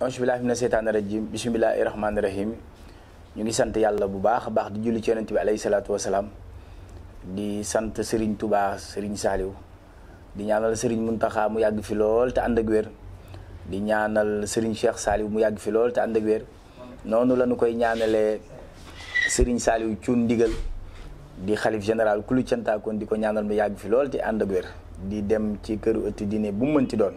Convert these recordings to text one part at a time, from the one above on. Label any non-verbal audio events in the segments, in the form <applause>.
auzubillahi mina seytaani rajim bismillahi rahmaani rahim ñu ngi sant yàlla bu baax a baax di julli ci yonent bi alayhi salaatu wasalaam di sant Serigne tubaa sëriñ Saliou di ñaanal Serigne Mountakha mu yàgg fi lool te ànd ak wér di ñaanal sëriñ Cheikh Saliou mu yàgg fi lool te ànd ak wér noonu la ñu koy ñaanale Serigne Saliou Thioune ndigal di xalif général kulu cantaakoon di ko ñaanal mu yàgg fi lool te ànd ak wér di dem ci këru ëtt diine bu mu mënti doon.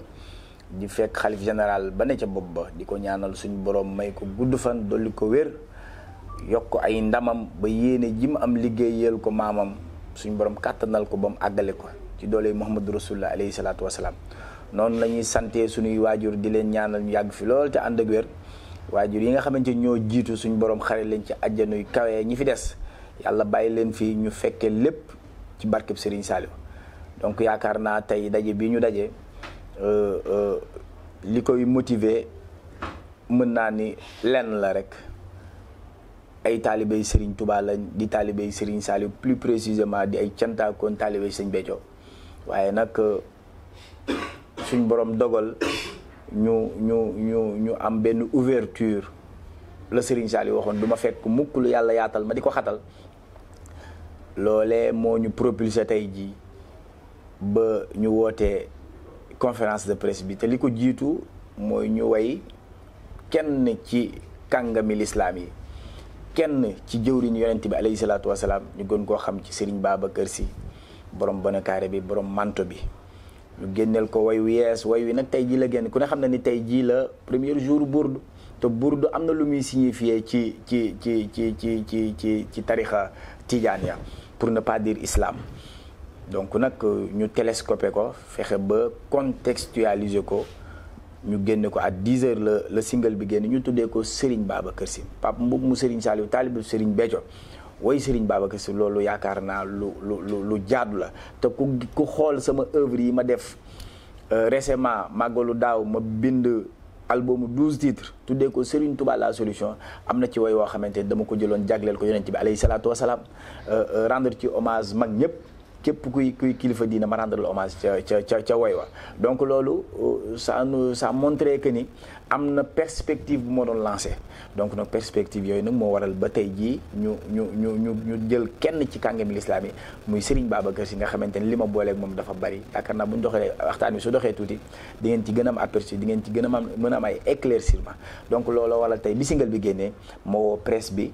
di fekk xalif général ba ne ca bopp ba di ko ñaanal suñu borom may ko gudd fan dolli ko wér yokk ay ndamam ba yéene ji mu am liggéeyal ko maamam suñu borom kàttanal ko ba mu àggale ko ci doole Muhammadu Rasulullah alayhi salaatu wasalaam noonu la ñuy suñuy waajur di leen ñaanal ñu yàgg fi lool te ànd ak wér waajur yi nga xamante ñoo jiitu suñu borom xare leen ci àjjanuy kawe ñi fi des yàlla bàyyi leen fii ñu fekkee lépp ci barkeb Serigne Saliou donc yaakaar naa tey daje bi ñu daje. Euh, euh, li koy motiver mën naa ni lenn la rek ay taalibey sëriñ Touba lañ di taalibey Serigne saali plus précisément di ay cantaakoon taalibey Sëñ Béthio waaye nag euh, suñ borom dogal ñu ñu ñu ñu am benn ouverture la Serigne Saliou waxoon du ma fekk mukk lu yàlla yaatal ma di ko xatal loole moo ñu propulsé tey jii ba ñu wootee conférence de presse bi te li ko jiitu mooy ñu way kenn ci kàngami lislaam yi kenn ci jëwriñ yonent bi alayhi salaatu wasalaam ñu gën koo xam ci Serigne Babacar Sy borom bonakaare bi borom manto bi ñu génneel ko way wi yees way wi nag tey jii la génn ku ne xam na ni tey jii la premier jour Bourde te Bourde am na lu muy signifié ci ci ci ci ci ci ci ci tarixa tijaan ya pour ne pas dire islam donc nag euh, ñu télescopé ko fexe ba contextualiser ko ñu génne ko ak 10 heure la la single bi génn ñu tuddee ko Serigne Babacar Sy Pape Mboup mu Serigne Saliou taalibu Serigne Béthio woy Serigne Babacar Sy loolu yaakaar naa lu lu lu lu jaadu la te ku ku xool sama œuvre yi ma def euh, récemment lu daaw ma bind album 12 titres tuddee ko Serigne tubaal la solution am na ci woy woo xamante dama ko jëloon jagleel ko yonent bi alayhi salaatu wasalaam euh, rendre ci hommage mag ñëpp képp kuy kuy kilifa diina ma rendre hommage ca ca ca ca woy wa donc loolu euh, ça nous ça montré que ni am na perspective bu ma doon lancé donc nag perspective yooyu nag moo waral ba tey jii ñu ñu ñu ñu ñu jël kenn ci kàngami lislaam yi muy Serigne Babacar Sy nga xamante ni li ma booleeg moom dafa bari yaakaar naa bu ñu doxee waxtaan bi su doxee tuuti di ngeen ci gën a am aperçu di ngeen ci gën a am mën a am ay éclaircissement donc loolu waral tey bi single bi génnee moo woo bi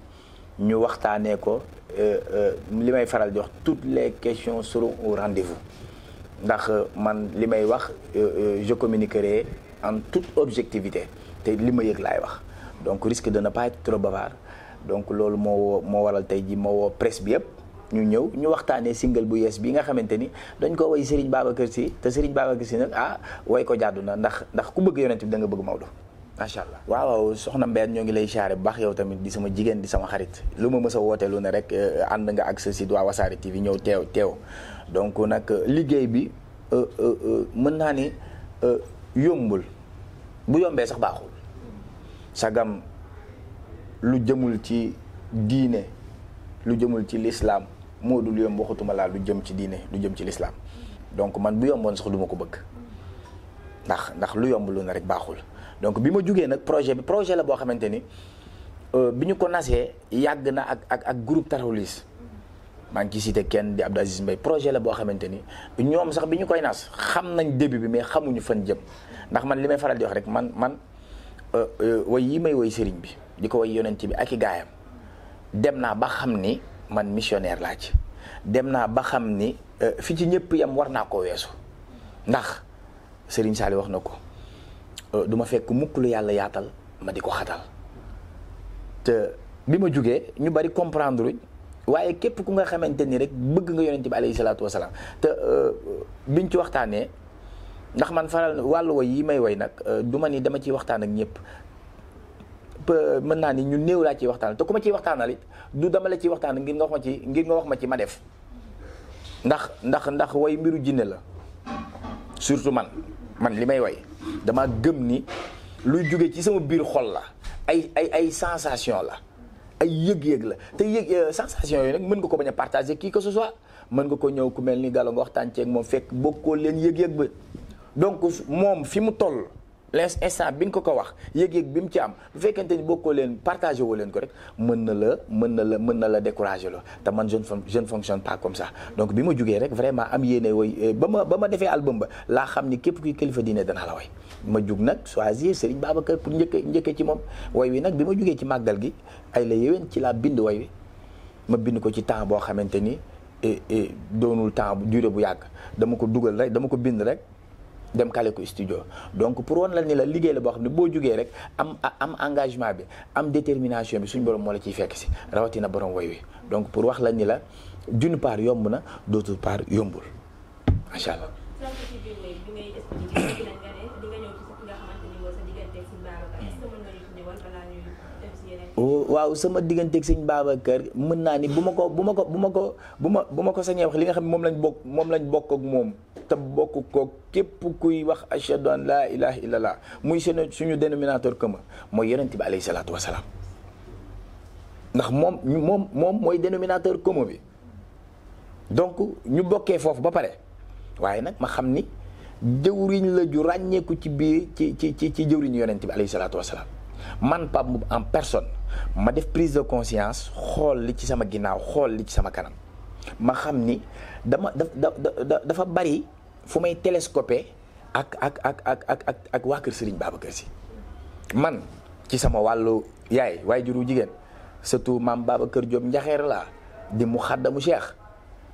ñu waxtaanee ko euh, euh, li may faral jox wax toutes les questions seront au rendez-vous ndax euh, man li may wax je communiquerai en toute objectivité te li ma yëg laay wax donc risque de ne pas être trop bavard donc loolu moo moo waral tey ji moo woo presse bi yëpp ñu ñëw ñu waxtaanee single bu yees bi nga xamante ni dañ ko woy Serigne kër si te Serigne Babacar Sy nag ah way ko jàddu na ndax ndax ku bëgg yonent bi da nga bëgg Maodo macha allah waaw soxna Mbène ñoo ngi lay siyaare bu baax yow tamit di sama jigéen di sama xarit lu ma mës a wootee lu rek eh, ànd nga ak sa site waa Wassare TV ñëw teew teew donc nag liggéey bi eh, eh, mën naa ni yombul bu yombee sax baaxul sagam lu jëmul ci diine lu jëmul ci lislaam moo dul yomb waxutuma laa lu jëm ci diine lu jëm ci lislaam donc man bu yomboon sax du ma ko bëgg ndax ndax lu yomb lu ne rek baaxul donc bi ma jugee nag projet bi projet la boo xamante ni euh, bi ñu ko nasee yàgg na ak ak ak groupe Tarawlis maa ngi ciy cité kenn di Abdou Aziz Mbaye projet la boo xamante ni ñoom sax bi ñu koy nas xam nañ début bi mais xamuñu fan jëm ndax man li may faral di wax rek man man euh, euh, way yi may woy sëriñ bi di ko way yonent bi ak i gaayam dem naa ba xam ni man missionnaire laa ci dem naa ba xam ni fi ci ñëpp yam war naa ko weesu ndax sëriñ Saali wax na ko Euh, du ma fekk mukk lu yàlla yaatal ma di ko xatal te bi ma jógee ñu bari comprendre waaye képp ku nga xamante ni rek bëgg nga yonent bi alayhi salaatu wasalaam te euh, biñ ci waxtaanee ndax man faral wàllu woy yi may woy nag euh, du ma ni dama ciy waxtaan ak ñëpp mën naa ni ñu néew laa ciy waxtaan te ku ma ciy waxtaanal it du dama la ciy waxtaan ngir nga ci ngir nga wax ma ci ma def ndax ndax ndax woy mbiru jinne la surtout man man li may woy dama gëm ni luy jóge ci sama biir xol la ay ay ay sensation la ay yëg-yëg la te yëg euh, sensation yooyu nag mën nga ko bañ a partager kii que ce soit mën nga koo ñëw ku mel ni Gallo nga waxtaan ceeg moom fekk bokkoo leen yëg-yëg ba donc moom fi mu toll les instant bi nga ko ko wax yëg-yëg bi mu ci am bu fekkente ni bokkoo leen partagé woo leen ko rek mën na la mën na la mën na la découragé la te man je ne je ne fonctionne pas donc bi ma jugee rek vraiment am yéene woy euh, ba ma ba ma defee album ba laa xam ni képp kuy kilifa diine danaa la woy ma jug nag choisir Serigne Babacar pour njëkkee njëkkee ci moom woy wi nag bi ma jugee ci màggal gi ay ci laa bind woy ma bind ko ci temps boo xamante ni doonul temps durée bu yàgg dama ko dugal rek dama ko bind rek dem kale ko studio donc pour woon la ni la liggéey la boo xam ne boo jugee rek am am engagement bi am détermination bi suñu borom moo la ciy fekk si rawatina borom woy wi donc pour wax la ni la d'une part yomb na d'autre part yombul macha allah. waaw sama digganteeg sëñ kër mën naa ni bu ma ko bu ma ko bu ma ko bu ma bu ma ko sañee wax li nga xam ne moom lañ bokk moom lañ bokk ak moom te bokk ko képp kuy wax ashhadu an laa ilaha illallah muy seen suñu dénominateur commun mooy yonent bi alayhi salaatu wasalaam ndax moom moom moom mooy dénominateur commun bi donc ñu bokkee foofu ba pare waaye nag ma xam ni jëwriñ la ju ràññeeku ci biir ci ci ci ci jëwriñ yonent bi alayhi salaatu wasalaam man Pape Mboup en personne ma def prise de conscience xool li ci sama ginnaaw xool li ci sama kanam ma xam ni dama da dafa bari fu may télescopé ak ak ak ak ak ak ak waa kër Serigne Babacar Sy man ci sama wàllu yaay waaye juru jigéen surtout maam Babacar Diop Njaxeer laa di mu xaddamu Cheikh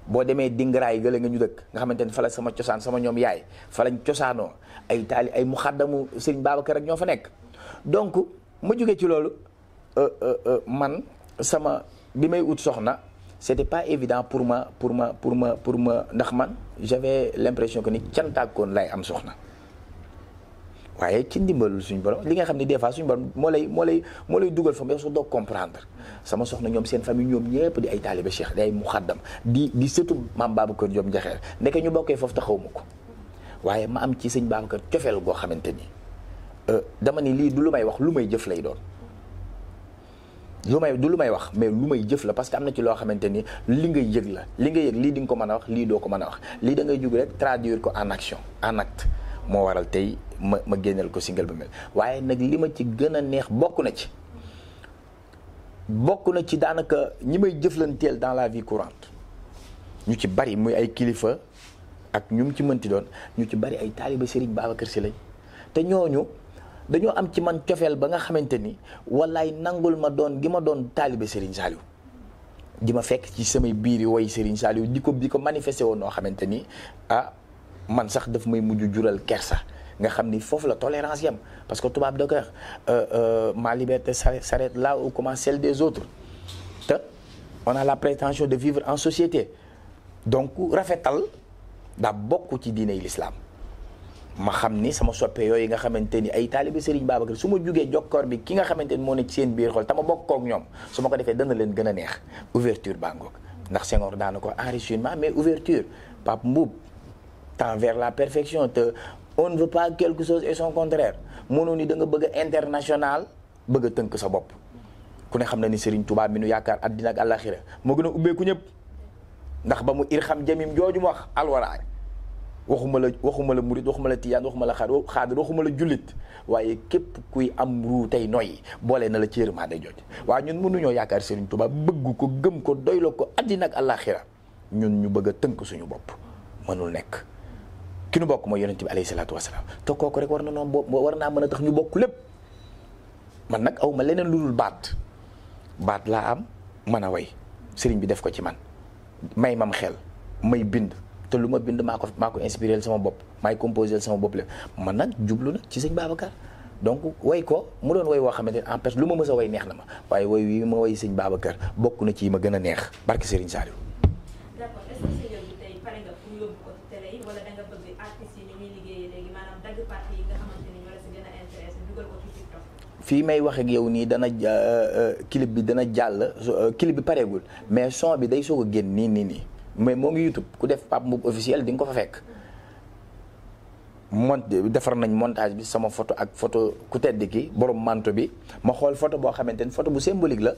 boo demee dingaraay gële nga ñu dëkk nga xamante ni fa sama cosaan sama ñoom yaay fa lañ cosaanoo ay taali ay mu xaddamu Serigne Babacar ak ñoo fa nekk donc ma jóge ci loolu euh, euh, euh, man sama bi may ut soxna c'était pas évident pour ma pour ma pour ma pour ma ndax man j'avais l'impression que ni cantaakoon lay am soxna waaye ci ndimbal suñu borom li nga xam ne des fois suñu borom moo lay moo lay moo lay dugal fa yow sax doo comprendre sama soxna ñoom seen fami ñoom ñëpp di ay taalibe cheikh di ay muxaddam di di sëtu maam Babacar Diop Njaxeer ndeke ñu bokkee foofu taxaw ma ko waaye ma am ci sëñ Babacar cofeel goo xamante ni dama ni lii du lu may wax lu may jëf lay doon lu du lu may wax mais lu may jëf la parce que am na ci loo xamante ni li nga yëg la li nga yëg lii di nga ko mën a wax lii doo ko mën a wax lii da ngay jug rek traduire ko en action moo waral tey ma ma génneel ko single bu mel waaye nag li ma ci gën a neex bokk na ci bokk na ci daanaka ñi may jëflanteel dans la vie courante ñu ci bari muy ay kilifa ak ñu mu ci mënti doon ñu ci bari ay taaliba Serigne Babacar si lañ te ñooñu. dañoo am ci man cofeel ba nga xamante ni wallaay nangul ma doon gi ma doon taalibe Serigne Saliou di ma fekk ci samay biir yi woy Serigne Saliou di ko di ko manifesté woon noo xamante ni ah man sax daf may mujj jural kersa nga xam ni foofu la tolérance yam parce que tubaab de cœur euh, euh, ma liberté s'arrête là où commence celle des autres te on a la prétention de vivre en société donc rafetal daa bokk ci diiney lislaam ma xam ni sama soppe yooyu nga xamante ni ay taalibe Serigne Babacar su ma jugee jokkoor bi ki nga xamante ni moo ne ci seen biir xol te ma bokkook ñoom su ma ko defee dana leen gën a neex ouverture bàngoog ndax Senghor daana ko enrichissement mais ouverture Pape Mboup tend vers la perfection te on ne veut pas quelque chose et son contraire mënoo nii danga nga bëgg international bëgg tënk sa bopp ku ne xam na ni Serigne Touba mi nu yaakaar àddina ak àllaaxira moo gën a ubbeeku ñëpp ndax ba mu irxam jamim jooju mu wax alwaraay waxuma la waxuma la murit waxuma la tiyaan waxuma la xaadir waxuma la jullit waaye képp kuy am ruu tey noyyi boole na la ci yërmande jooju waaye ñun mënuñoo yaakaar Serigne tubaab bëgg ko gëm ko doyloo ko àddina ak àllaaxira ñun ñu bëgg a tënk suñu bopp mënul nekk ki nu bokk mooy yonent bi alayhi salaatu wasalaam te kooku rek war na noo bo war naa mën a tax ñu bokk lépp man nag awma leneen lu dul baat baat laa am man a way sëriñ bi def ko ci man may mam xel may bind lu ma bind maa ko maa ko inspiré sama bopp maay composé sama bopp lépp man nag jublu na ci sëñ Babacar donc way ko mu doon way woo xamante ne en plus lu ma mës a way neex na ma waaye way wi ma way sëñ Babacar bokk na ci ma gën a neex barke Serigne Saliou. d'accord est may wax yow nii dana euh, euh, clip bi dana jàll euh, clip bi pareegul mais son bi day soog a génn nii nii nii. mais moo ngi YouTube ku def Pape Mboup officiel di nga ko fa fekk mont defar nañ montage bi sama photo ak photo ku tedd ki borom manto bi ma xool photo boo xamante ni photo bu symbolique la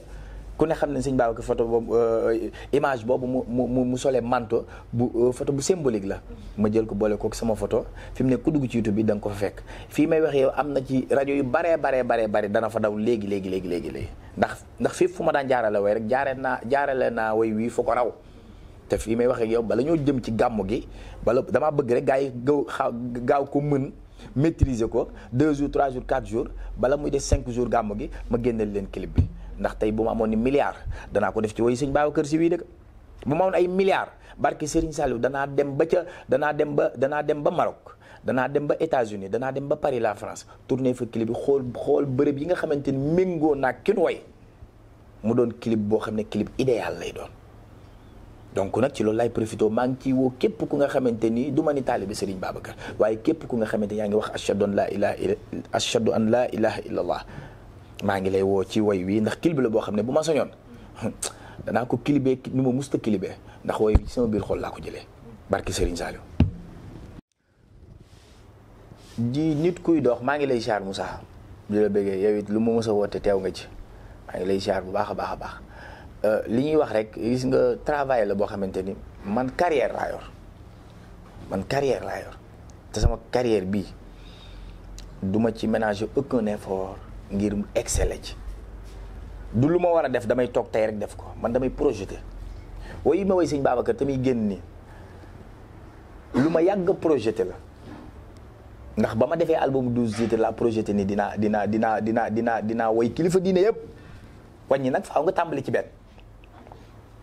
ku ne xam ne sëñ Babacar photo boobu euh, image boobu mu mu mu solee manto bu euh, photo bu symbolique la ma jël ko boole kook sama photo fi mu ne ku dugg ci YouTube bi da ko fa fekk fii may wax yow am na ci rajo yu bare baree baree bari dana fa daw léegi léegi léegi léegi léegi ndax ndax fii fu ma daan jaarale way rek jaare naa jaarale naa way wii fu ko raw te fii may waxee ak yow bala ñoo jëm ci gàmmu gi bala damaa bëgg rek gaa yi gaaw gaaw ko mën maîtriser ko deux jours trois jours quatre jours bala muy des cinq jours gàmmu gi ma génneel leen clip bi ndax tey bu ma amoon ni milliard danaa ko def ci woy woyu sëñ kër si wii dëkk bu ma amoon ay milliards barke Serigne Saliou danaa dem ba ca danaa dem ba danaa dem ba Maroc danaa dem ba États-Unis danaa dem ba Paris la France tourné fa clip bi xool xool bërëb yi nga xamante ni méngoo naa kin way mu doon clip boo xam ne clip idéal lay doon donc nag ci loolu laay profité maa ngi ciy woo képp ku nga xamante ni du ma taalibi taalibe baaba Babacar waaye képp ku nga xamante ni yaa ngi wax ashhadu an laa ilaha illa ashhadu an laa ilaha illa allah maa ngi lay woo ci woy wii ndax kilib la boo xam ne bu ma soñoon <laughs> danaa ko kilibee ni ma musta kilibee ndax woy wi ci sama biir xol laa ko jëlee barki Serigne Saliou di nit kuy dox maa ngi lay ziar Moussa di la bëggee yow it lu ma mës a woote teew nga ci maa ngi lay ziar bu baax baax a baax Euh, li ñuy wax rek gis nga travail la boo xamante ni man carrière laa yor man carrière laa yor te sama carrière bii duma ci ménager aucun effort ngir exceller ci du lu ma war a def damay toog tey rek def ko man damay projeté woy yi ma woy sëñ Babacar te muy génn nii lu ma yàgg projeté la ndax ba ma defee album douze titres la projeté ni dinaa dinaa dinaa dinaa dinaa dina woy kilifa diine yëpp wàññi nag faaw nga tàmbali ci benn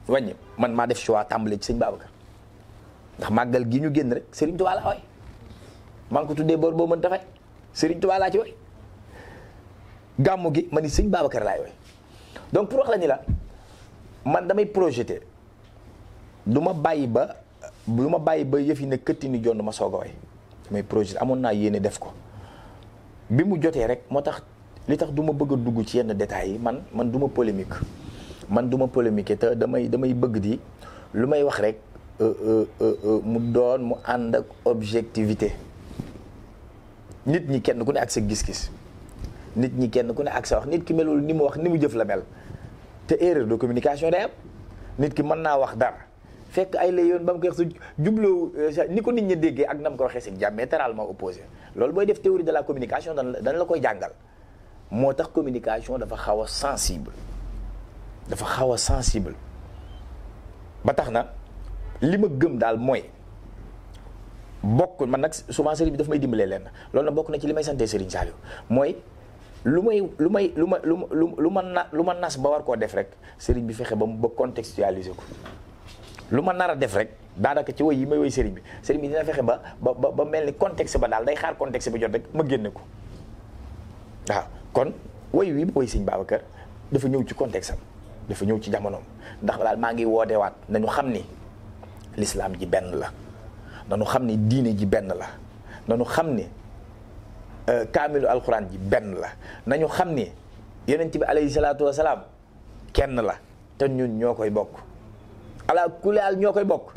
wàññi man maa def choix tàmbali ci sëñ Babacar ndax màggal gi ñu génn rek Serigne Touba laa way maa ngi ko tuddee boor boo mën ta fay Serigne Touba laa ci way gàmmu gi ma ni sëñ Babacar laay way donc pour wax la ni la man damay projette du ma bàyyi ba du ma bàyyi ba yëf yi ne këtti ni jonn ma soog a way damay projeté amoon naa yéene def ko bi mu jotee rek moo tax li tax du ma bëgg a dugg ci yenn détails yi man man du ma polémique man du ma polémique te damay damay bëgg di lu may wax rek euh, euh, euh, mu doon mu ànd ak objectivité nit ñi kenn ku ne ak sa gis-gis nit ñi kenn ku ne ak sa wax nit ki melul ni mu wax ni mu jëf la mel te erreur de communication day nit ki mën naa wax dara fekk ay la yoon ba mu koy wax su jubloo ni ko déggee ak na mu ko waxee si diamétralement opposé loolu booy def théorie de la communication dan la la koy jàngal moo tax communication dafa xaw a sensible dafa xaw a sensible ba tax na li ma gëm daal mooy bokk man nag souvent sëriñ bi dafa may dimbalee leen lool nag bokk na ci li may sante sëriñ Saliou mooy lu may lu may lu ma lu lu lu ma na lu ma nas ba war koo def rek sëriñ bi fexe ba mu ba contextualiser ko lu ma nar a def rek daanaka ci woy yi may woy sëriñ bi sëriñ bi dina fexe ba ba ba mel ni contexte ba daal day xaar contexte ba jot rek ma génne ko waaw kon woy wi woy sëñ Babacar dafa ñëw ci contexte dafa ñëw ci jamonoom ndax daal maa ngi woodewaat nañu xam ni lislaam ji benn la nañu xam ni diine ji benn la nañu xam ni euh, kaamilu alxuraan ji benn la nañu xam ni yonent bi alayhi salaatu wasalaam kenn la te ñun ñoo koy bokk ala kulaal ñoo koy bokk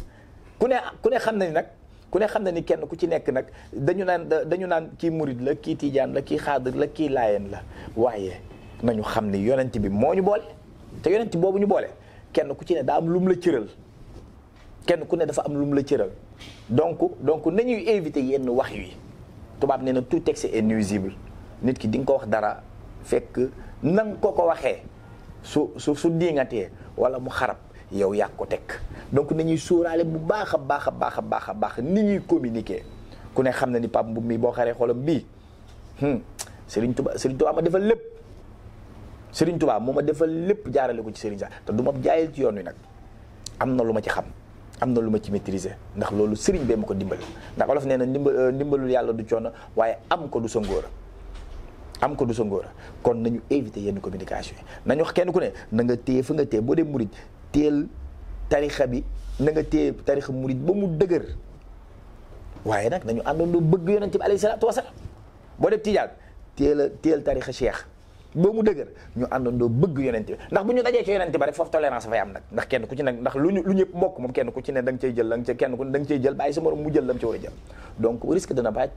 ku ne ku ne xam na ni nag ku ne xam na ni kenn ku ci nekk nag dañu naan dañu naan kii murit la kii tiijaan la kii xaadir la kii laayeen la waaye nañu xam ni yonent bi moo ñu boole te yonent boobu ñu boole kenn ku ci ne daa am lum la cëral kenn ku ne dafa am lum la cëral donc donc nañuy éviter yenn wax yi tubaab nee na tout texte est nuisible nit ki di nga ko wax dara fekk nang koo ko waxee su su su diingatee wala mu xarab yow yàq ko teg donc ñuy sóoraale bu baax a baax a baax a baax a baax ni ñuy communiquer ku ne xam na ni Pape Mboup mi boo xaree xolam bii hmm, Serigne Touba Serigne Touba ma defal lépp. Serigne Touba moo ma defal lépp jaarale ko ci Serigne Saliou te du ma jaayal ci yoon wi nag am na lu ma ci xam am na lu ma ci maîtriser ndax loolu Serigne bee ma ko dimbali ndax olof nee na ndimbal euh, ndimbalul yàlla du coono waaye am ko du sa ngóor am ko du sa ngóor kon nañu éviter yenn communication yi nañu wax kenn ku ne na nga téye fa nga téye boo dee murit teel tarixa bi na nga téye tarixa murit ba mu dëgër waaye nag nañu àndandoo bëgg yonent bi alayhi salaatu wasalaam boo dee tijaan teel a teel tarixa cheikh boo mu dëgër ñu àndandoo bëgg yonente bi ndax bu ñu dajee ci yonente ba rek foofu tolérance fay am nag ndax kenn ku ci ne ndax lu ñu lu ñëpp bokk moom kenn ku ci ne da nga cay jël la nga cay kenn ku ne da nga cay jël bàyyi sa morom mu a jël donc risque dana wax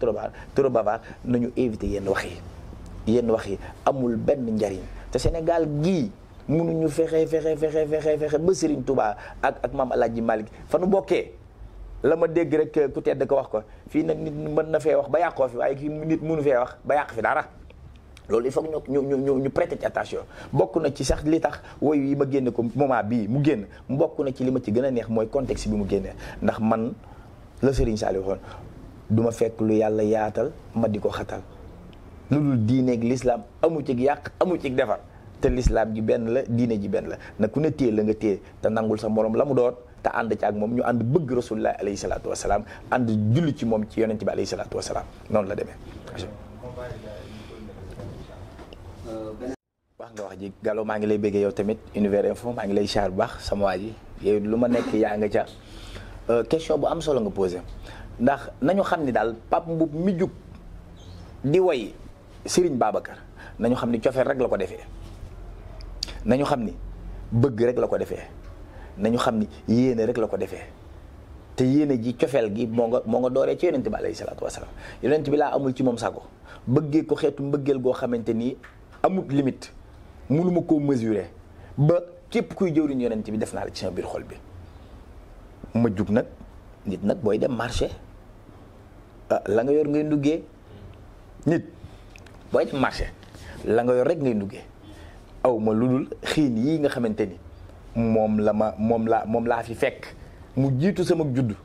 yi yenn wax yi amul benn njariñ te Sénégal gii mënuñu fexe fexe fexe fexe fexe ba Serigne Touba ak ak maam El Hadj Malick fa nu bokkee la ma dégg rek ku tedd ko wax ko fii nag nit mën na fee wax ba yàqoo fi waaye kii nit munu fee wax ba yàq fi dara loolu il faut que ñu ñu ñu ñu prêter ci attention bokk na ci sax li tax woyu yi ma génne ko moment bii mu génn bokk na ci li ma ci gën a neex mooy contexte bi mu génne ndax man la Serigne Saliou waxoon du fekk lu yàlla yaatal ma di ko xatal lu dul diineeg lislaam amu ci yàq amu ci defar te lislaam ji benn la diine ji benn la na ku ne téye la nga téye te nangul sa moroom la mu doot te ànd ci ak moom ñu ànd bëgg rasulullah alayhi salaatu wasalaam ànd julli ci moom ci yonent bi alayhi salaatu wasalaam noonu la demee baax nga wax ji Gallo maa ngi lay bëggee yow tamit Univers Info maa ngi lay char bu baax sama waa ji yooyu lu ma nekk yaa nga ca euh, question bu am solo nga posé ndax nañu xam ni daal Pape Mboup mi jug di way Serigne Babacar nañu xam ni cofeel rek la ko defee nañu xam ni bëgg rek la ko defee nañu xam ni yéene rek la ko defee te yéene ji cofeel gi moo nga moo nga dooree ci yonent bi alayhi salaatu wasalaam yonent bi laa amul ci moom sago bëggee ko xamante ni amut limite mënuma koo mesurer ba képp kuy jëwriñ yonent bi def naa la ci sama biir xol bi ma jug nag nit nag booy dem marché ah, la nga yor ngay duggee nit booy dem marché la nga yor rek ngay duggee aw ma lu dul xiin yii nga xamante ni moom la ma moom laa moom laa fi fekk mu jiitu sama judd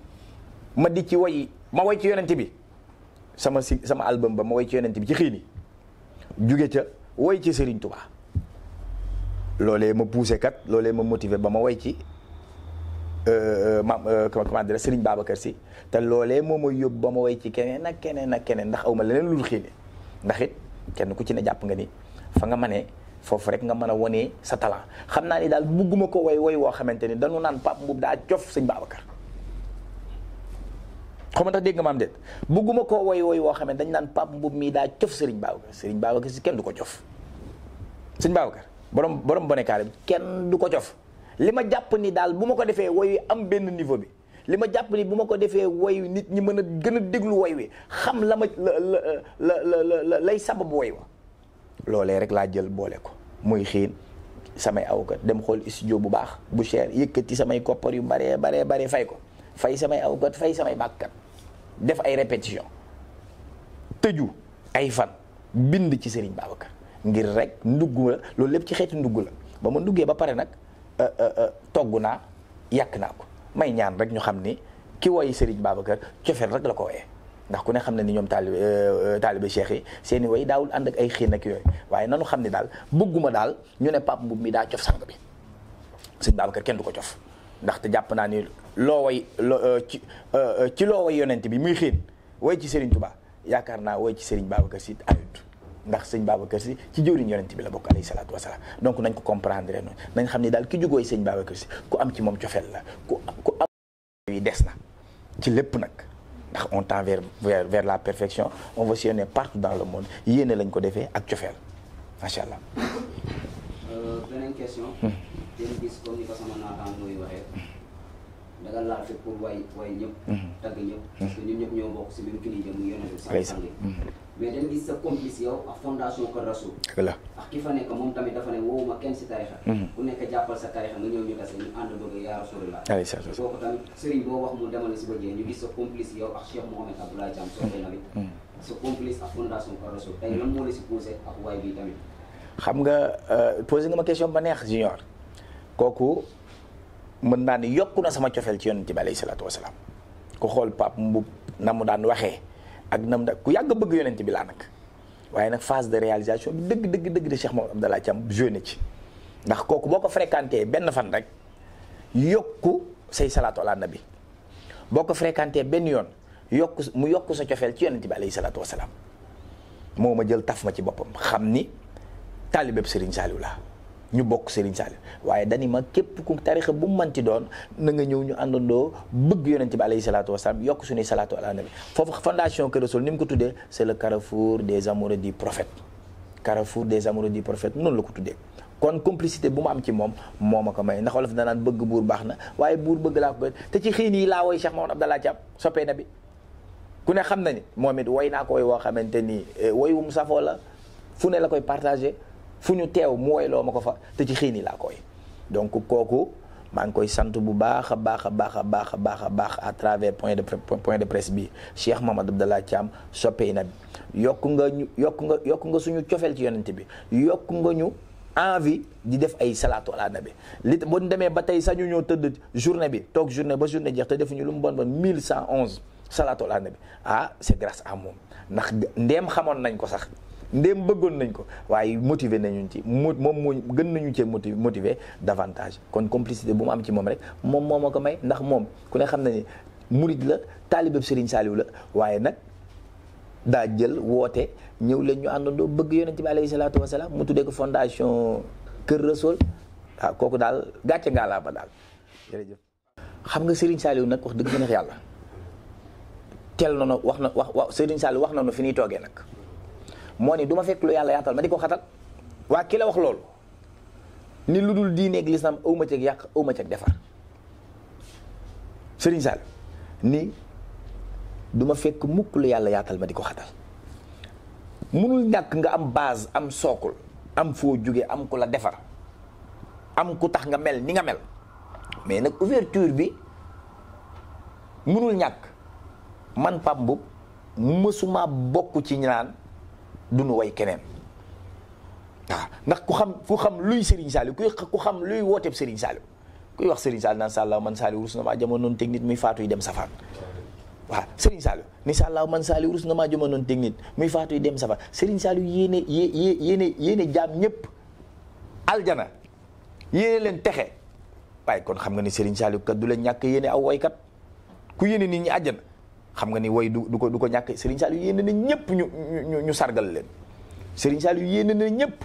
ma di ci way ma woy ci yonent bi sama si sama album ba ma woy ci yonent bi ci xiin juge ca woy ci Serigne Touba loole ma poussé kat loole ma motiver ba ma woy ci euh, euh, maam euh, comment dire Serigne Babacar te loolee moom ma yóbbu ba ma woy ci keneen ak keneen ak keneen ndax awma leneen lu dul xiine ndax kenn ku ci ne jàpp nga ni fa nga mënee foofu rek nga mën a wonee sa talent xam naa ni daal bugguma ko woy woy woo xamante ni dañu naan Pape Mboup daa cof Serigne Babacar xam ma tax dégg maam déet bëgguma koo woy woy woo xam ne dañ naan Pape Mboup mii daa cof Serigne Babacar Serigne Babacar si kenn du ko cof Serigne Babacar borom borom bonekaare bi kenn du ko cof li ma jàpp ni daal bu ma ko defee woy am benn niveau bi li ma jàpp bu ma ko defee woy nit ñi mën a gën a déglu woy wi xam la ma la la la lay sababu woy wa loolee rek laa jël boole ko muy xiin samay awkat dem xool studio bu baax bu cher yëkkati samay koppar yu baree baree baree fay ko fay samay awkat fay samay bàkkat def ay répétition tëju ay fan bind ci Serigne Babacar ngir rek ndugg la loolu lépp ci xeeti ndugg la ba ma nduggee ba pare nag euh, euh, euh, togg naa yàq naa ko may ñaan rek ñu xam ni ki woy Serigne Babacar cofeel rek la ko woyee ndax ku ne xam ne ni ñoom taalibe taalibe cheikh yi seen i way daawul ànd ak ay xiin ak yooyu waaye nanu xam ne daal bëgguma daal ñu ne Pape mbubb mi daa cof sang bi Serigne Babacar kenn du ko cof ndaxte jàpp naa ni loo way euh, ci euh, euh, ci loo way yonent bi muy xiin way ci Serigne Touba yaakaar naa way ci Serigne Babacar Sy ayut ndax sëñ Babacar Sy ci jëwriñ yonent bi la bokk alayhi salaatu wasalaam donc nañ ko comprendre noonu nañ xam ne daal ki jugooy sëñ Babacar Sy ku am ci moom cofeel la ku ku am yi des na ci lépp nag ndax on tend vers vers la perfection on va sillonner partout dans le monde yéene lañ ko defee ak cofeel macha allah. nga lancé pour way way ñëpp. Mm-hmm. tagg ñëpp. Mm-hmm. parce que ñun ñëpp ñoo bokk si même kilifa mu yónnee lu sax mm-hmm. mais dañ nekk moom tamit kenn si tarixa ku nekk jàppal sa tarixa nga ñëw ñu tase ñu ànd bëgg yaa Rasulullah. kooku tamit sëriñ boo wax mu demal si bëggee ñu gis sa complice yow ak Cheikh Mohamed Abdoulaye Thiam Sokone Nawit. sa complice ak fondation Keur Rassoul tey lan moo la si posé ak waay bi tamit. xam nga euh, posé nga ma question ba neex junior kooku mën naa ni yokk na sama cofeel ci yonent bi alayhi salaatu wasalaam ku xool Pape Mboup na mu daan waxee ak na mu daan ku yàgg bëgg yonent bi laa nag waaye nag phase de réalisation bi dëgg dëgg dëgg de Cheikh Mamadou Abdallah Thiam jeune ci ndax kooku boo ko fréquenté benn fan rek yokku say salaatu ala boo ko fréquenté benn yoon yokku mu yokku sa cofeel ci yonent bi alayhi salaatu moo ma jël taf ma ci boppam xam ni taalibeeb Serigne Saliou la ñu bokk Serigne Saliou waaye dani ma képp ku tarixa bu mu manti doon na nga ñëw ñu àndandoo bëgg yonent bi alayhi salaatu wasalaam yokk suñuy salaatu ala nabi foofu fondation Kër Rassoul ni mu ko tuddee c'est le carrefour des amoureux du prophète carrefour des amoureux di profet noonu la ko tuddee kon complicité bu mu am ci moom moom ma ko may ndax na danaan bëgg buur baax na waaye buur bëgg laa ko te ci xiin yi laa woy Cheikh Mamadou Abdallah Thiam soppee na bi ku ne xam na ni moom woy naa ko woy xamante ni eh, woy mu safoo la ne la koy partagé fu ñu teew mooy loo ma ko fa te ci xiini laa koy donc kooku maa ngi koy sant bu baax a baax a baax a baax a baax a baax à travers point de point de presse bi Cheikh Mamadou Abdallah Thiam soppey na bi yokku nga ñu yokku nga yokku nga suñu cofeel ci yonent bi yokku nga ñu envie di def ay salaatu ala nabi li boo demee ba tey sax ñu ñëw tëdd journée bi toog journée ba journée jeex te defuñu lu mu bon bon 1111 salaatu ala nabi ah c'est grâce à moom ndax ndeem xamoon nañ ko sax ndéem bëggoon nañ ko waaye motiver nañu ci mu moom moo gën nañu cee motiver motiver davantage kon complicité bu mu am ci moom rek moom moo ma ko may ndax moom ku ne xam na ni murid la taalibeb Serigne Saliou la waaye nag daa jël woote ñëw leen ñu àndandoo bëgg yonent bi alayhi salaatu wasalaam mu tuddee ko fondation Kër Rasool waaw kooku daal gàcce ngaalaa ba daal jërëjëf xam nga Serigne Saliou nag wax dëgg neex yàlla teel na wax na wax Serigne Saliou wax na fi ñuy toogee nag moo ni duma ma fekk lu yàlla yaatal ma di ko xatal waa kii la wax loolu ni lu dul diineeg lislaam aw ma ceeg yàq aw ma defar Serigne Sall ni du fekk mukk lu yàlla yaatal ma di ko xatal mënul ñàkk nga am base am sookul am foo jóge am ku la defar am ku tax nga mel ni nga mel mais nag ouverture bi mënul ñàkk man Pape Mboup mësuma bokk ci ñaan du nu keneen waaw ndax ku xam ku xam luy Serigne Saliou kuy ku xam luy wooteeb Serigne Saliou kuy wax Serigne Saliou man Saliou rus na maa jamonoon teg nit muy faatu yi dem safaan waaw Serigne Saliou ni Saliou man Saliou rus na maa jamonoon teg nit muy faatu yi dem safaan Serigne Saliou yéene yé yéene yéene jaam ñëpp aljana yéene leen texe waaye kon xam nga ni Serigne Saliou kat du la ñàkk yéene aw waykat ku yéene nit ñi àjjana xam nga ni way du du ko du ko ñàkk Serigne Saliou yéene na ñëpp ñu ñu ñu sargal leen Serigne Saliou yéene na ñëpp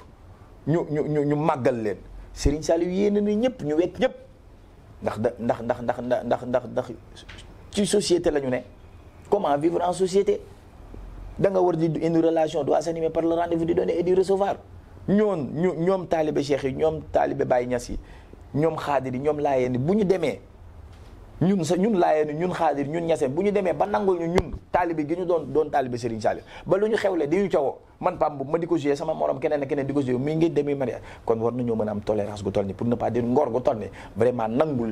ñu ñu ñu ñu màggal leen Serigne Saliou yéene na ñëpp ñu wekk ñëpp ndax da ndax ndax ndax ndax ndax ndax ci société la ñu ne comment vivre en société danga war di une relation doit s'animer par la rendez-vous di donner et di recevoir ñoon ñu ñoom taalibe cheikh yi ñoom taalibe Baye Niass yi ñoom xaadir di ñoom laayeen bu ñu demee ñun sa ñun laayeen ñun xaadir ñun ñaseen bu ñu demee ba nangul ñu ñun taalibe gi ñu doon doon taalibe Serigne Saliou ba lu ñu xewle di ñu cawoo man pam bu ma di ko joué sama morom keneen a am tolérance gu toll ni pour ne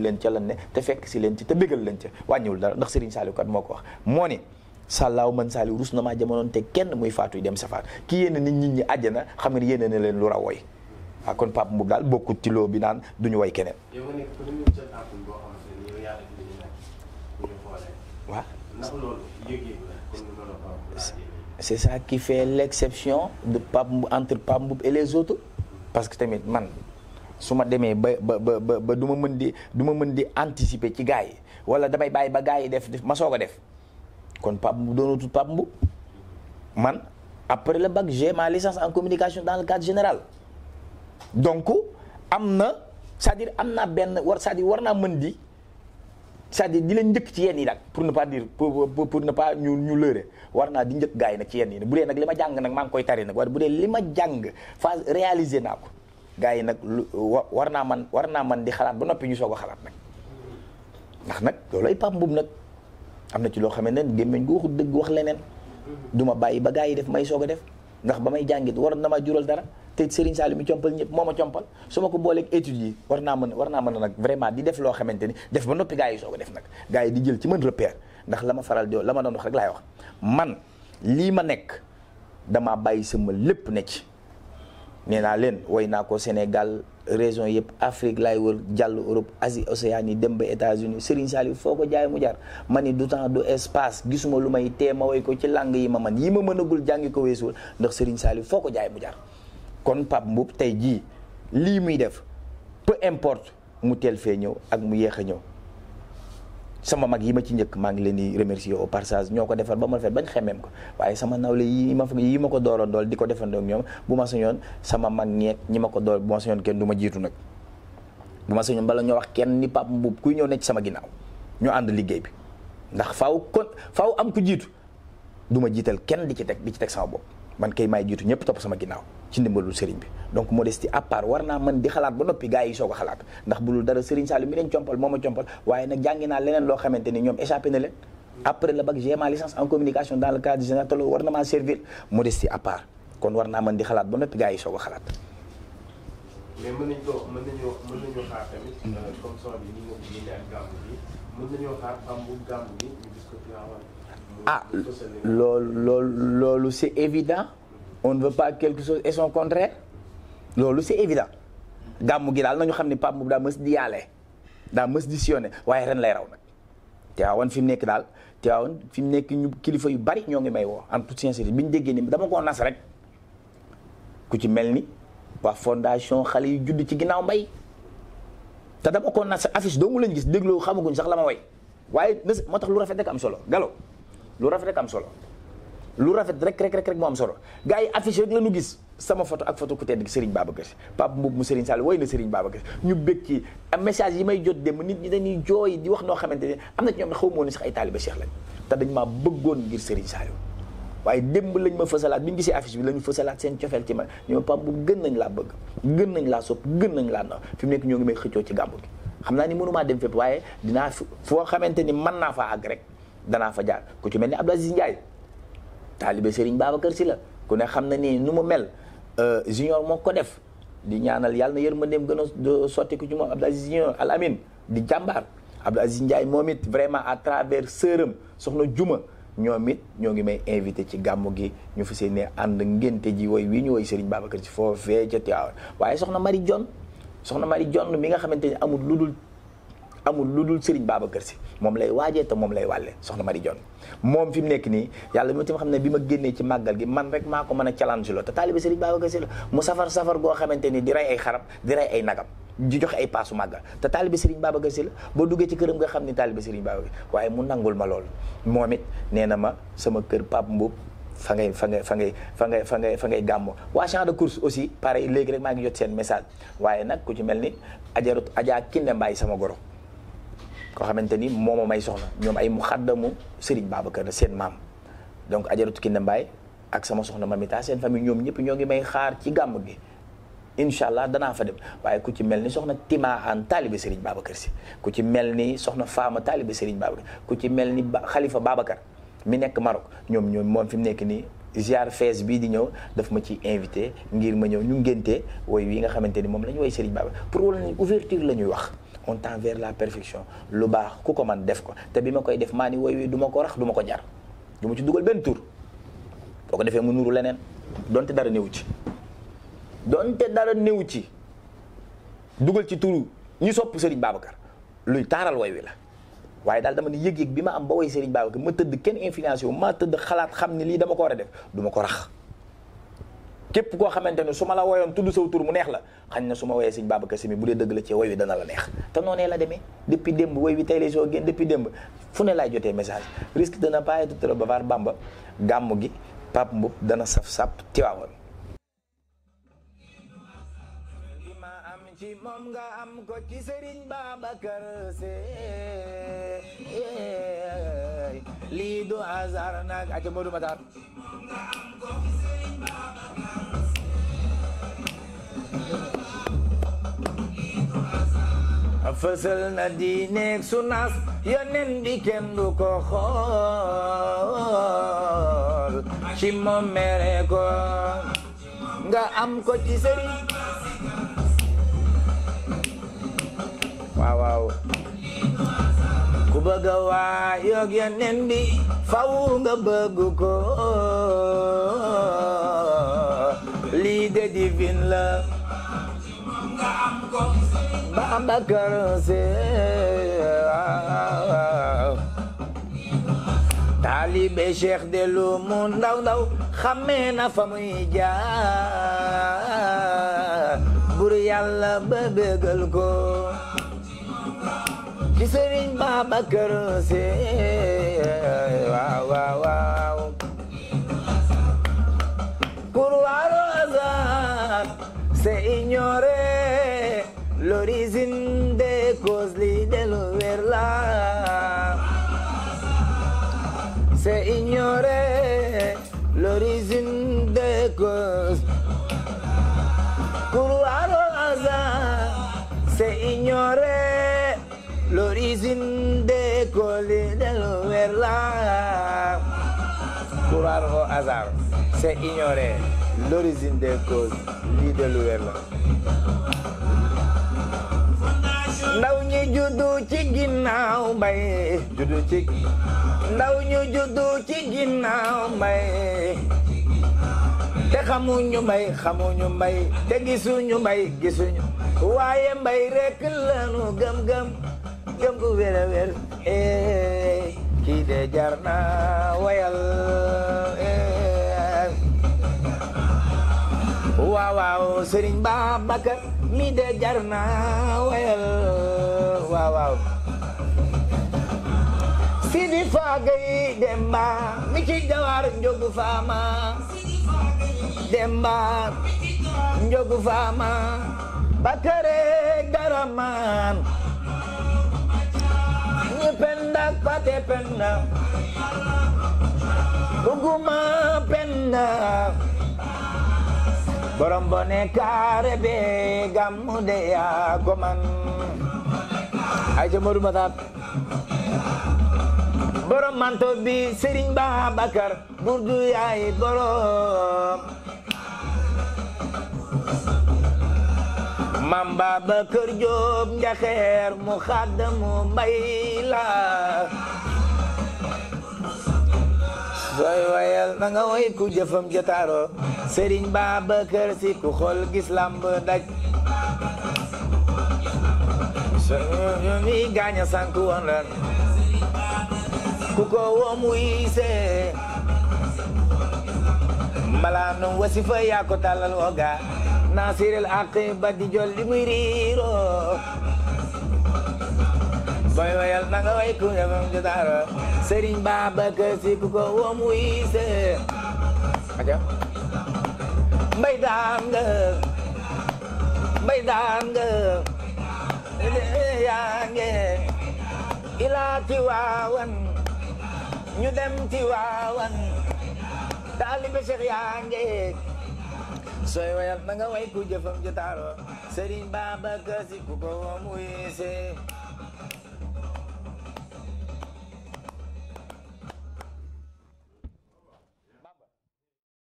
leen ca ne fekk leen ci te bégal leen ca wàññiwul dara ndax Serigne moo ko wax moo ni sàllaaw man Saliou rus na te kenn muy faatuy dem safar ki yéene nit ñi àjjana xam ne yéene na leen lu raw woy waaw ah, kon Pape Mboup daal bokkut ci loo bi naan du ñu way keneen c'est ça qui fait l'exception de Pape entre Pape Mboup e les autres parce que tamit man su ma demee ba ba ba du ma mën di du ma mën di anticiper ci gars yi wala damay bàyyi ba gars yi def ma soog a def kon Pape Mboup doonatul Pape Mboup man après le bac j'ai ma licence en communication dans le cadre général donc am na c'est-à-dire am naa benn war sa dire war naa mën di cest à di leen njëkk ci yenn yi nag pour ne pas dire pour na pas ñu ñu lëre war naa di njëkk gars yi nag ci yenn yi bu dee nag li ma jàng nag maa koy tari nag waaye bu dee li ma jàng phase réalisé naa ko gars yi nag lu war naa man war naa man di xalaat ba noppi ñu soog a xalaat nag ndax nag loolu ay pam mbub nag am na ci loo xam ne gémmiñ gu waxul dëgg wax leneen du ma bàyyi ba gars yi def may soog a def ndax ba may jàngit waroon na ma jural dara te Serigne Saliou mi compal ñëpp moo ma compal su ma ko booleeg études yi war naa mën war naa mën a nag vraiment di def loo xamante ni def ba noppi gaa yi soo ko def nag gars yi di jël ci mën repère ndax la ma faral di la ma doon wax rek laay wax man lii ma nekk damaa bàyyi sama lépp ne ci nee naa leen woy naa ko Sénégal région yëpp Afrique laay wër jàll Europe Asie Océanie dem ba États-Unis Serigne Saliou foo ko jaay mu jar mani ni du temps du espace gisuma lu may tee ma woy ko ci langue yi ma man yi ma mënagul jàngi ko weesuwul ndax Serigne Saliou foo ko jaay mu jar kon Pape Mboup tey jii lii muy def peu importe mu teel fee ñëw ak mu yéex a ñëw sama mag yi ma ci njëkk maa ngi leen di remercier au passage ñoo ko defar ba ma rafet bañ xemeem ko waaye sama nawle yi ma yi ma ko dooroon dool di ko defandoo ak ñoom bu ma sañoon sama mag ñeeg ñi ma ko dool bu ma kenn du ma jiitu bu ma sañoon bala ñoo wax kenn ni Pape Mboup kuy ñëw nekk sama ginnaaw ñu ànd liggéey bi ndax faw kon faw am ku jiitu du ma jiital kenn di ci teg di ci teg sama bopp man kay may jiitu ñëpp topp sama ginnaaw ci ndimbalul sëriñ bi donc modestie à part war naa man di xalaat ba noppi gars yi soog a xalaat ndax bu dul dara sëriñ Saliou mi leen compal moo ma compal waaye nag jàngi naa leneen loo xamante ni ñoom échappé na leen après le bac j'ai ma licence en communication dans le cadre naa mën di xalaat ba noppi gars a mais mën nañ ko mën nañoo euh, mën nañoo xaar tamit comme son loolu loolu loolu c'est évident on ne veut pas quelque chose et son contraire loolu c'est évident gàmmu gi daal nañu xam ni Pape Mboup daa mës di yaalee daa mës di sillonné waaye ren lay raw nag te fi mu nekk daal Tiwaawan fi mu nekk ñu kilifa yu bari ñoo ngi may woo en toute sincérité bi ñu déggee ni dama koo nas rek ku ci mel ni waa fondation xale yu judd ci ginnaaw mbay te dama ko nas affiche doomu lañ gis dégloo xamaguñ sax la ma way waaye moo tax lu rafet rek am solo galo lu rafet am solo lu rafet rek rek rek rek moo am solo gars yi affiche rek la gis sama photo ak photo ku tedd gi Serigne Babacar Sy Pape Mboup mu Serigne Sall woy na Serigne Babacar Sy ñu bëgg ci message yi may jot dem nit ñi dañuy jooy di wax noo xamante ne am na xaw moo ne sax ay taaliba Cheikh lañ te dañ maa bëggoon ngir Serigne Sall waaye démb lañ ma fësalaat bi ñu gisee affiche bi la ñu fësalaat seen cofeel ci man ñu ma Pape gën nañ laa bëgg gën nañ laa sopp gën nañ laa naw fi mu nekk ñoo ngi may xëccoo ci gàmbu gi xam naa ni mënumaa dem fépp waaye dinaa foo xamante ni man naa faa àgg rek danaa fa jaar ku ci mel ni Abdou Aziz Ndiaye taalibe Serigne kër si la ku ne xam na ni nu mu mel euh, junior moo ko def di ñaanal yàlla na yërmandeem gën a sotti ku ci moom a Aziz junior al amin di jàmbaar Abdou Aziz Ndiaye moom it vraiment à travers sërëm soxna Juma ñoom it ñoo ngi may invité ci gàmmu gi ñu fi seen and ànd ngénte ji woy wii ñu woy Serigne Babacar Sy foofee ca Tiwaawan waaye soxna Marie John soxna Marie John mi nga xamante ni amul lu dul amul lu dul baaba kër si moom lay waajee te moom lay wàlle soxna ma Mari Jon moom fi mu nekk nii yàlla ma ci xam ne bi ma génnee ci màggal gi man rek maa ko mën a challenge lo te taalibe Serigne Babacar Sy la mu safar safar goo xamante ni di rey ay xarab di rey ay nagam di joxe ay paasu màggal te taalibe Serigne Babacar si la boo duggee ci këram nga xam ni taalibe Serigne Babacar waaye mu nangul ma lool moom it nee na ma sama kër Pape Mboup fa ngay fa ngay fa ngay fa ngay fa ngay fa ngay gàmmoo waa champ de course aussi pareil léegi rek maa ngi jot seen message waaye nag ku ci mel ni ajarut ajaa Kinde Mbaye sama goro koo xamante ni moom may soxna ñoom ay mu xaddamu Serigne Babacar la seen maam donc ajaratu Kinde Mbaye ak sama soxna Mamita seen famille ñoom ñëpp ñoo ngi may xaar ci gàmm gi incha allah danaa fa dem waaye ku ci mel ni soxna Tima An taalibe Serigne Babacar si ku ci mel ni soxna Faama taalibe Serigne Babacar ku ci mel ni xalifa Babacar mi nekk Maroc ñoom ñoom moom fi mu nekk nii ziar fees bii di ñëw daf ma ci invité ngir ma ñëw ñu ngénte woy wi nga xamante ni moom la ñu woy Serigne pour wala ni la ñuy wax on tend vers la perfection lu baax ku ko man def ko te bi ma koy def maa ni woy wi du ko rax duma ko jar du ma ci dugal benn tur boo ko defee mu nuru leneen donte dara néew ci donte dara néew ci dugal ci turu ñu sopp Serigne Babacar luy taaral woy wi la waaye daal dama ne yëg-yëg bi ma am ba woy Serigne Babacar ma tëdd kenn influence wu ma tëdd xalaat xam ne lii dama ko war a def duma ko rax képp koo xamante ne su ma la woyoon tudd saw tur mu neex la xañ na su ma woyee sëñ Babacar Sy mi bu dee dëgg la ci woy wi dana la neex te noonee la demee depuis démb woy wi tey les jours génn depuis démb fu ne laay jotee message risque dana ne pas être trop bavard Bamba gàmm gi Pape Mboup dana saf sàpp tiwaawoon li ma ci moom nga am ko ci sëriñ Babacar fësal na diineeg sunaas yonen bi kenn du ko xool ci moom ko nga am ko ci sëriñ waaw ku bëgg a yonen bi faw nga bëgg ko lii de divin la Babacar Si oh. taalibe Cheikh de lu mu ndaw ndaw xamee na fa ba bégal ko ci oh. waaw waaw waaw pour waarosa c'est l'origine des causes li dellu weer la c'est ignorer l'origine des causes couloir au hasard c'est ignorer l'origine des causes li dellu weer la couloir au hasard c'est ignorer l'origine des causes li dellu weer la ndaw ñu juddu ci ginnaaw mbay juddu ci ndaw ñu juddu ci ginnaaw mbay te xamuñu mbay xamuñu mbay te gisuñu mbay gisuñu waaye mbay rek lanu gëm gëm gëm gu wér a eh, kii de jaar na wayal eh. waaw waaw Serigne Babacar mi de jar naa wayal waaw waaw Sidi Fagay Demba mi ci jawar njogu faama Demba njogu faama Bakare Garaman ñu penda pate penda buguma penda borom bone kaare be gàmmu de yaa ko ay ca Modou Matar borom manto bi Serigne Babacar burdu yaay borom mam Babacar Diop njaxeer mu xaddamu mbay la sooy woyal na nga woy ku jëfam jotaaro Serigne Babacar Sy ku xool gis làmb ku ko woom wiisee mbalaanum wasifa yaa ko tàllal oga naasiril aqiba di jol Serigne Babacar Sy ku ko woo muy see aja mbay daan nga ilaa Tiwaawan ñu dem Tiwaawan taalibe Cheikh yaa sooy wayal na nga way ku jëfam ju taaro Serigne Babacar Sy ku ko woo muy